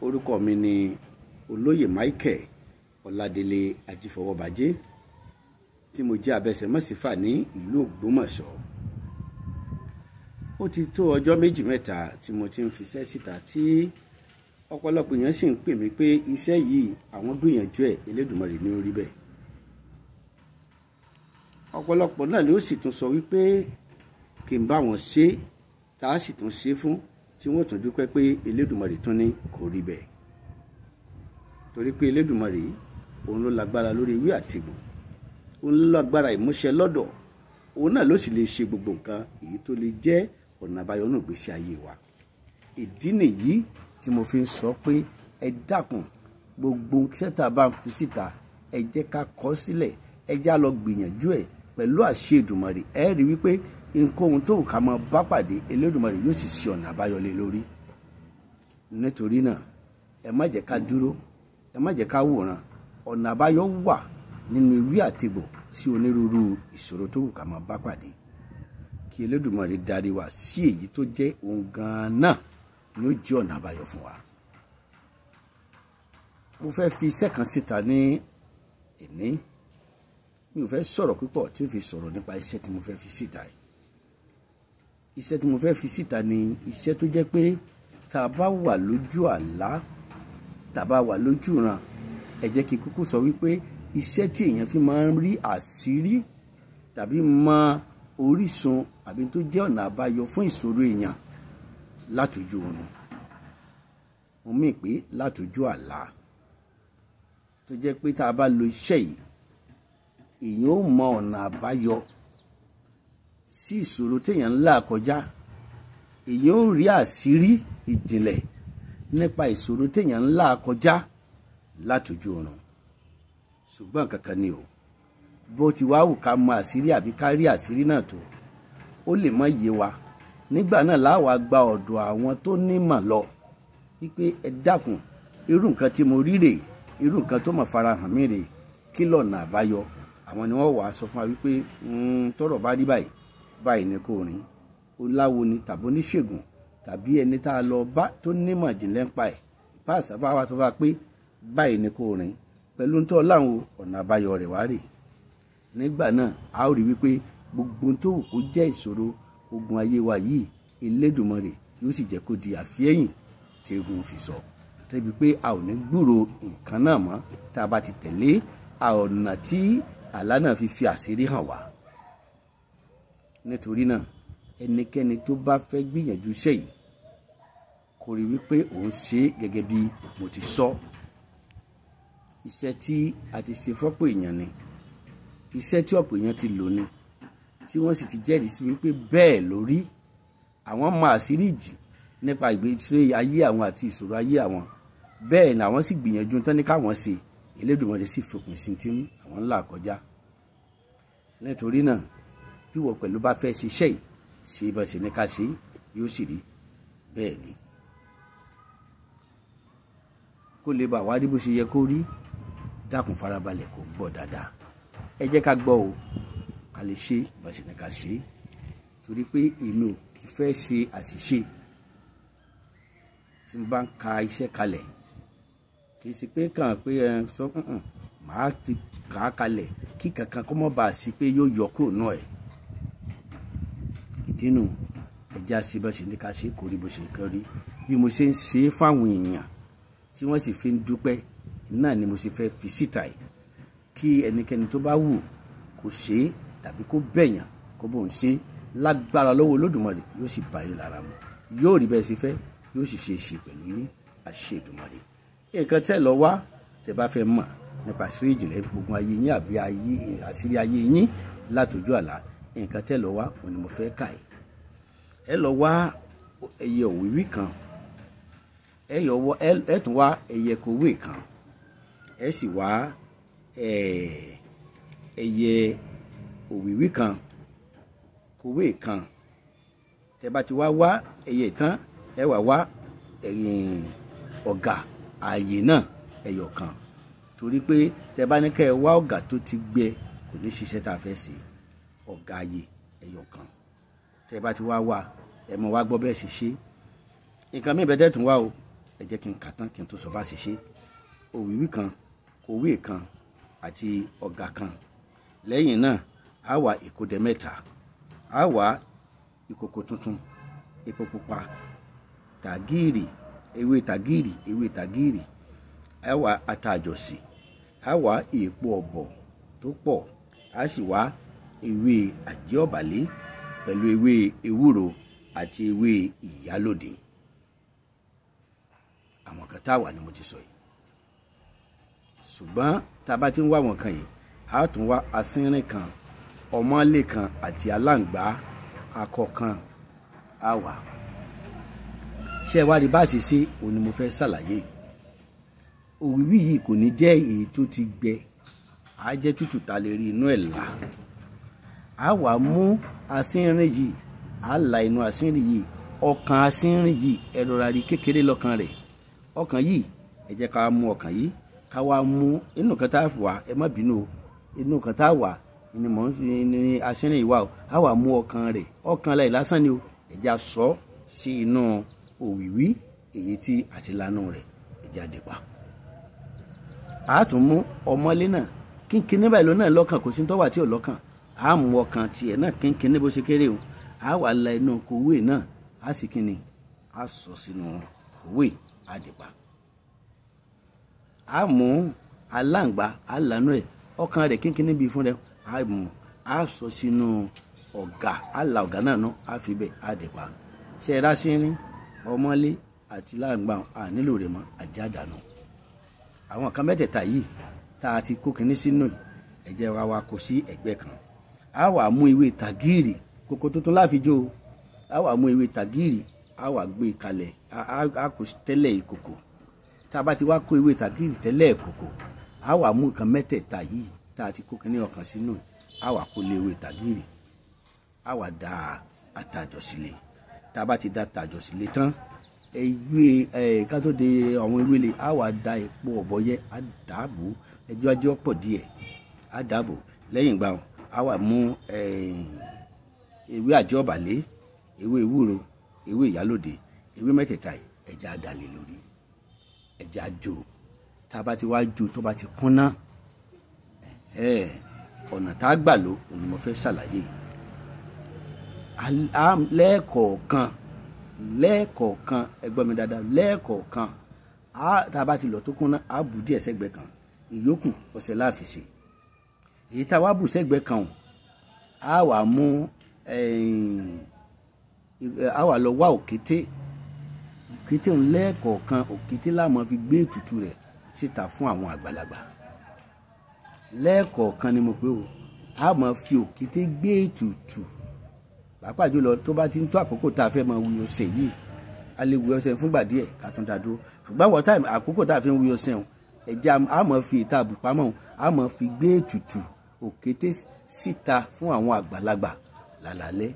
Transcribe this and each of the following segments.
orúkọ mi ni olóyè Michael Ọládélé Ajífọwọ́bajé tí mo jẹ́ abẹsẹ̀mọ́sífà ní ìlú Ògbómọ̀ṣọ́ ó ti tó ọjọ́ méjì mẹ́ta tí mo ti ń fiṣẹ́ síta tí ọ̀pọ̀lọpọ̀ èèyàn sì ń pè mí pé iṣẹ́ yìí àwọn gbìyànjú ẹ̀ Elédùmarè ní orí bẹ́ẹ̀ ọ̀pọ̀lọpọ̀ náà ni ó sì tún sọ wípé kí n bá wọn ṣe tá a sì tún ṣe fún tí wọ́n tún dúpẹ́ pé Elédùmarè tún ní kò rí bẹ́ẹ̀ torí pé Elédùmarè òun ló lágbára lórí ewé àtìgbọ̀n òun ló lágbára ìmúṣẹ lọ́dọ̀ òun náà ló sì lè ṣe gbogbo nǹkan èyí tó lè jẹ́ ọ̀nà àbáyọ náà gbèsè ayé wa ìdí nìyí tí mo fi ń sọ pé ẹ dákun gbogbo iṣẹ́ bá ń fi síta ẹ jẹ́ ká kọ sílẹ̀ ẹ já lọ gbìyànjú ẹ̀ pẹ̀lú àṣẹ Èdùmàrè ẹ rí wípé nkóhun tó kà mọ́ bá pàdé Elédùmarè yóò sì ṣe ọ̀nà àbáyọlé lórí nítorí náà ẹ má jẹ́ ká dúró ẹ má jẹ́ ká wòran ọ̀nà àbáyọ wà nínú ewé àtegbò sí onírúurú ìṣòro tó kà mọ́ bá pàdé kí Elédùmarè darí wa sí èyí tó jẹ́ òun gan-an náà ni ó jẹ́ ọ̀nà àbáyọ fún wa mo fẹ́ fi iṣẹ́ kan síta ní èní mi ò fẹ́ sọ̀rọ̀ púpọ̀ tí ó fi sọ̀rọ̀ nípa iṣẹ́ tí mo fẹ́ fi síta yìí iṣẹ́ tí mo fẹ́ fi síta ni iṣẹ́ tó jẹ́ pé tá a bá wà lójú àlá tá a bá wà lójú ràn ẹ jẹ́ kí kúkú sọ wípé iṣẹ́ tí èèyàn fi máa ń rí àṣírí tàbí mọ orísun àbí tó jẹ́ ọ̀nà àbáyọ fún ìṣòro èèyàn látòjú oorun mo mí pé látòjú àlá tó jẹ́ pé tá a bá lo iṣẹ́ yìí èèyàn ó mọ ọ̀nà àbáyọ sí ìṣòro téèyàn ń là kọjá èyàn ó rí àṣírí ìjìnlẹ̀ nípa ìṣòro téèyàn ń là kọjá látòjú ọ̀ràn ṣùgbọ́n kankan ni o bó ti wá wù ká mọ àṣírí àbí ká rí àṣírí náà tó ó lè mọ iye wa nígbà náà láwa gba ọ̀dọ̀ àwọn tó nímọ̀ lọ wípé ẹ dákun irú nǹkan tí mo rí rèé irú nǹkan tó mọ̀ farahàn mí rèé kí lọ́nà àbáyọ àwọn ni wọ́n wàá sọ fún wa wípé tọ́rọ̀ bá rí báyìí báyìí ni kò rìn ó láwo ni tàbí oníṣègùn tàbí ẹni tá a lọ bá tó nímọ̀ ìjìnlẹ̀ ń pa ẹ̀ bá àṣàfà wa tó bá pé báyìí ni kò rìn pẹ̀lú ń tọ́ láwọn ọ̀nà àbáyọ rẹ̀ wá rè nígbà náà a ó rí wípé gbogbo tó wù kó jẹ́ ìṣòro ogun ayé wa yìí Elédùmarè yóò sì jẹ́ kó di àfihẹ́yìn tí egun fi sọ tẹ́bi pé a ò ní gbúrò nǹkan náà mọ́ tá a bá ti tẹ̀lé ọ̀nà tí àlá náà fi fi àṣírí hàn wá nítorí náà ẹnikẹ́ni tó bá fẹ́ gbìyànjú iṣẹ́ yìí kò rí wípé òun ṣe é gẹ́gẹ́ bí mo ti sọ iṣẹ́ tí a ti ṣe fọ́pọ̀ èèyàn ni iṣẹ́ tí ọ̀pọ̀ èèyàn ti lò ni tí wọ́n sì ti jẹ́rìí sí wípé bẹ́ẹ̀ lórí àwọn máa àṣírí ìjì nípa ìgbésẹ̀ ayé àwọn àti ìṣòro ayé àwọn bẹ́ẹ̀ ni àwọn sì gbìyànjú tán ní káwọn ṣe Elédùmarè sì fòpin sí ti àwọn ńlá kọjá nítorí náà bí wọ́n pẹ̀lú bá fẹ́ ṣiṣẹ́ yìí ṣe bá ṣe ní ká ṣe yóò sì rí bẹ́ẹ̀ ni. kó lè bá wa rí bó ṣe yẹ kó rí dákun farabalẹ̀ kó gbọ́ dáadáa ẹ jẹ́ ká gbọ́ o ká lè ṣe bá ṣe ní ká ṣe torí pé èmi ò kì í fẹ́ ṣe àṣìṣe tí mo bá ń ka iṣẹ́ kalẹ̀ kì í ṣe pé kàn pé ẹ sọ màá ti kà á kalẹ̀ kí kankan kó mọ̀ bá a sí pé yóò yọ kúrò náà ẹ̀ dínú ẹja ṣe bá ṣe ní ká ṣe kò rí bó ṣe kàn rí bí mo ṣe ń ṣe é fáwọn èèyàn tí wọ́n sì fi ń dúpẹ́ náà ni mo ṣe fẹ́ fi síta yìí kí ẹnikẹ́ni tó bá wù kó ṣe é tàbí kó bẹ̀yàn kó bóun ṣe é lágbára lọ́wọ́ olódùmarè yóò sì bá yín lára mu yóò rí bẹ́ẹ̀ ṣe fẹ́ yóò sì ṣe é ṣe pẹ̀lú yín àṣẹ ìdùmarè nǹkan tẹ́ lọ wá tẹ́ bá fẹ́ mọ̀ nípa àṣírí ìjìnlẹ̀ gbogbo ayé yín àbí àṣírí ayé yín látòjú àlá nǹkan tẹ́ lọ wá òun ni mo fẹ́ kà yìí ẹ lọ wá ẹyẹ òwìwí kan ẹ yọ wọ ẹ tún wá ẹyẹ kòwé kan ẹ sì wá ẹyẹ òwìwí kan kòwé kan tẹ bá ti wá wá ẹyẹ tán ẹ wá wá ọ̀gà ààyè náà ẹyọ kan torí pé tẹ bá ní kẹ́ ẹ wá ọ̀gà tó ti gbẹ kò ní ṣiṣẹ́ tá a fẹ́ ṣe ọ̀gá ayé ẹyọ kan tẹ́ bá ti wá wà ẹ mọ̀ wá gbọ́ bẹ́ẹ̀ sì ṣe nǹkan mi ìbẹ́tẹ́ tún wá o ẹ jẹ́ kí n kà tán kí n tún sọ bá sì ṣe òwìwí kan òwe kan àti ọ̀gà kan lẹ́yìn náà á wà ìkódẹ mẹ́ta á wà ìkòkò tuntun epo pupa tàgìrì ewé tàgìrì ewé tàgìrì á wà àtàjọsì á wà èèpo ọ̀bọ̀ tó pọ̀ á sì wà ewé àjẹ́ ọ̀bàlẹ́ pẹ̀lú ewé ewúro àti ewé ìyálòdè àwọn kan tá a wà ni mo ti sọ yìí ṣùgbọ́n tá a bá ti ń wá àwọn kan yìí a tún wá asínrín kan ọmọlé kan àti aláǹgbá akọ kan a wà ṣé wàá rí báàsì sí òun ni mo fẹ́ ṣàlàyé òwìwí yìí kò ní jẹ́ èyí tó ti gbẹ á jẹ́ tútù ta lè rí inú ẹ̀ là á wà mú asínrin yìí àlà inú asínrin yìí ọkàn asínrin yìí ẹ̀rọra rí kékeré lọ́kàn rẹ̀ ọkàn yìí ẹ jẹ́ ká mú ọkàn yìí ká wá mú inú kan tá a wà ẹ má bínú o inú kan tá a wà ni mò ń fi ni asínrin yìí wà o á wà mú ọkàn rẹ̀ ọkàn láì lásán ni o ẹ jẹ́ a sọ sí inú òwìwí èyí tí àtìlánú rẹ̀ ẹ jẹ́ a dìpa a tún mú ọmọlé náà kínkín níbàlú náà lọ́kàn kò sí ní tọ́wà tí ò lọ́kàn a mú ọkàn tiẹ̀ náà kínkín ní bó ṣe kéré o a wà la inú kòwé náà a sì kíni a sọ sínú kòwé àdìpá a mú aláǹgbá a lànà ẹ̀ ọkàn rẹ̀ kínkín níbi fún rẹ̀ a mú a sọ sínú ọ̀gá a la ọ̀gá náà ná a fi àdìpá ṣe é ọmọlé àti láǹgbà a nílò rẹ̀ mọ́ àdànù àwọn kan mẹ́tẹ̀ẹ̀ta yìí tá a ti kó kinní sínú ẹ̀ jẹ́ wa wa kó sí ẹ̀gbẹ́ kan a wà mú ewé tàgìrì kòkó tuntun láfijó a wà mú ewé tàgìrì a wà gbé e kalẹ̀ a kò tẹ́lẹ̀ ìkòkò tá a bá ti wá kó ewé tàgìrì tẹ́lẹ̀ ìkòkò a wà mú nǹkan mẹ́tẹ̀ẹ̀ta yìí tá a ti kó kínní ọkàn sínú a wà kó lé ewé tàgìrì a wà dá àtàjọ sílẹ̀ tá a bá ti dá àtàjọ sílẹ̀ tán ewé ẹ de àwọn ewé le a wà dá epo ọ̀bọ yẹ a dàbò ẹjọ́ ajọ́ pọ̀ díẹ̀ a lẹ́yìn ìgbà wọn a wá mú eh, ewé àjọbàlẹ̀ ewé ewúro ewé ìyálòdè ewé mẹ́tẹ̀ẹ̀ta ẹ̀já dalẹ̀ lórí ẹ̀já jò tá a bá ti wá jò tó bá ti kúnná ọ̀nà tá a gbà ló òun ni mo fẹ́ ṣàlàyé lẹ́ẹ̀kọ̀ọ̀kan lẹ́ẹ̀kọ̀ọ̀kan ẹ gbọ́ mi dáadáa lẹ́ẹ̀kọ̀ọ̀kan tá a bá ti lọ tó kúnná á bù díẹ̀ sẹ́gbẹ̀ẹ́ kan ìyókù ọ̀sẹ̀ láàfin ṣe èyí tá a wá bù sẹ́gbẹ̀ẹ́ kan á wà mú á eh, wà lọ wá òkété òkété ń lẹ́ẹ̀kọ̀ọ̀kan òkété la máa fi gbé ètùtù rẹ̀ síta fún àwọn àgbàlagbà lẹ́ẹ̀kọ̀ọ̀kan ni mo pé o á máa fi òkété gbé ètùtù pàápàá jùlọ tó bá ti ń tó àkókò tá a fẹ́ máa wí ọ̀sẹ̀ yìí a lè wí ọ̀sẹ̀ fúngbà díẹ̀ ká tún dá dúró ṣùgbọ́n wọ́n táìmù àkókò tá a fi ń wí ọ̀sẹ̀ o ẹ̀jẹ̀ á máa fi ìta àbùpamọ́ o á fi gbé ètùtù òkété síta fún àwọn àgbàlagbà lálálẹ́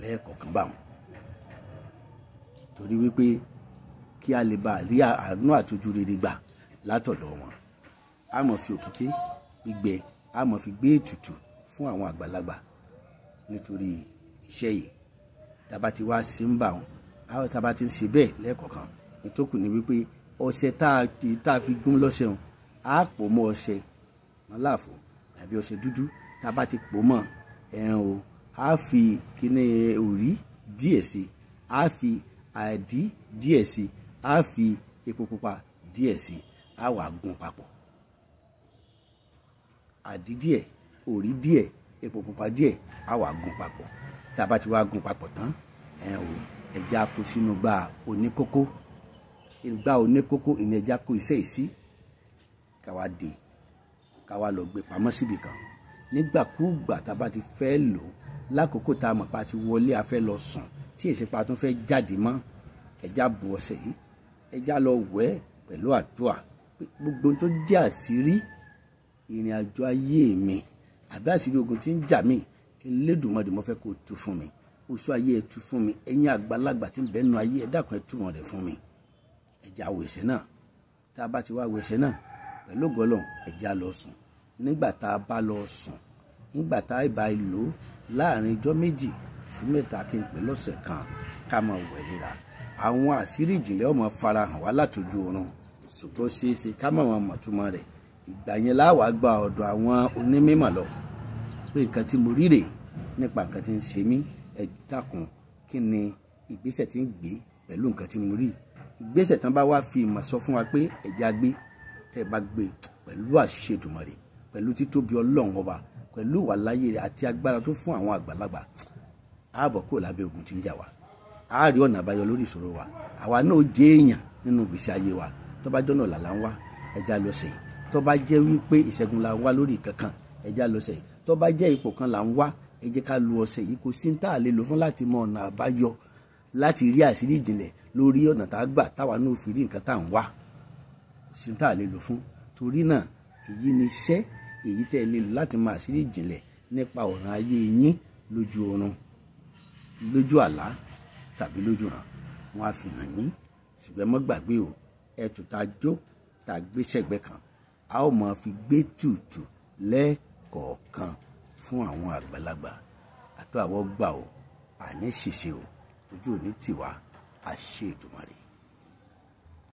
lẹ́ẹ̀kọ̀ọ̀kan bá wọn torí wípé kí a lè bá rí àánú àtọ́jú rere gbà látọ̀dọ̀ wọn a mọ̀ fi òkété gbígbẹ a mọ̀ fi gbé ètùtù fún àwọn àgbàlagbà nítorí iṣẹ́ yìí tàbá ti wá sí ń bà wọn àwọn tàbá ti ń ṣe bẹ́ẹ̀ lẹ́ẹ̀kọ̀ọ̀kan ìtókù ni wípé ọṣẹ tá a fi gún lọ́sẹ̀ wọn a pò mọ́ ọṣẹ wọn láàfọ̀ tàbí ọṣẹ dúdú tá a bá ti pò mọ́ ẹran o a fi kíní òrí díẹ̀ sí a fi àdí díẹ̀ sí a fi epo pupa díẹ̀ sí i a wá gún papọ̀ àdí díẹ̀ òrí díẹ̀ epo pupa díẹ̀ a wá gún papọ̀ tá a bá ti wá gún papọ̀ tán ẹran o ẹja kó sínú gbá oníkókó gbá oníkókó ìní ẹja kó iṣẹ́ ìsí ká wá ká wá lọ gbé pamọ́ síbì kan nígbàkúùgbà tá a bá ti fẹ́ lò ó lákòókò tá a mọ̀ pa ti wọlé a fẹ́ lọ sùn tí èsì pa tún fẹ́ jáde mọ́ ẹja bu ọṣẹ yìí ẹja lọ wẹ̀ pẹ̀lú àdúà gbogbo tó jẹ́ àṣírí ìrìn àjò ayé mi àbí àṣírí ogun tí ń jà mí Elédùmarè mo fẹ́ kó tú fún mi oṣù ayé ẹ tú fún mi ẹ̀yin àgbàlagbà tí ń bẹ́ẹ̀ nu ayé ẹ dákun ẹ tú wọn rẹ̀ fún mi ẹja wẹ̀sẹ̀ náà tá a bá ti wá wẹ̀sẹ̀ náà pẹ̀lú ògọ́lọ̀ ẹ̀já lọ sùn nígbà tá a bá lọ sùn nígbà tá a bá lò ó láàrin ijọ́ méjì sí mẹ́ta kí n pè lọ́sẹ̀ kan ká máa wẹ̀ léra àwọn àṣírí ìjìnlẹ̀ ọmọ farahàn wá látòjú oorun ṣùgbọ́n ṣeéṣe ká mọ̀ wọn mọ̀túmọ̀ rẹ̀ ìgbà yẹn láwàá gba ọ̀dọ̀ àwọn onímọ̀ lọ pé nǹkan tí mo ríre nípa nǹkan tí ń ṣe mí ẹ dákun kí ni ìgbésẹ̀ tí ń gbé pẹ̀lú nǹkan tí mo rí ìgbésẹ̀ tán bá wá fi ìmọ̀ sọ fún wa pé ẹ̀já gbé tẹ́ ẹ bá gbé pẹ̀lú àṣẹ Èdùmàrè pẹ̀lú títóbi ọlọ́run ọba pẹ̀lú ìwà láyé rẹ̀ àti agbára tó fún àwọn àgbàlagbà ààbọ̀ kúrò lábẹ́ ogun tí ń jà wá a rí ọ̀nà àbáyọ lórí ìṣòro wa àwa náà jẹ́ èèyàn nínú ìgbésí ayé wa tó bá jọ́nà làlá ń wá ẹja lọ sẹ̀ tó bá jẹ́ wípé ìṣẹ́gun la ń wá lórí kankan ẹja lọ sẹ̀ tó bá jẹ́ ipò kan là ń wá ẹ jẹ́ ká lu ọ̀sẹ̀ yìí kò sí tá a lè lò fún láti mọ ọ̀nà àbáyọ láti rí àṣírí ìjìnlẹ̀ lórí ọ̀nà tá a gbà táwa náà fi rí nǹkan tá à ń wá sí tá a lè lò fún torí náà èyí ni iṣẹ́ èyí tẹ́ ẹ lè lò láti máa ṣírí ìjìnlẹ̀ nípa ọ̀ràn ayé yín lójú oorun lójú àlá tàbí lójú ràn wọn á fi hàn yín ṣùgbọ́n mọ́ gbàgbé o ẹ̀tù tá a jó tá a gbé sẹ́gbẹ́ kan a ó máa fi gbé tùtù lẹ́ẹ̀kọ̀ọ̀kan fún àwọn àgbàlagbà àtọ́ àwọn gbà o àní ṣìṣe o ojú ò ní tì wá àṣẹ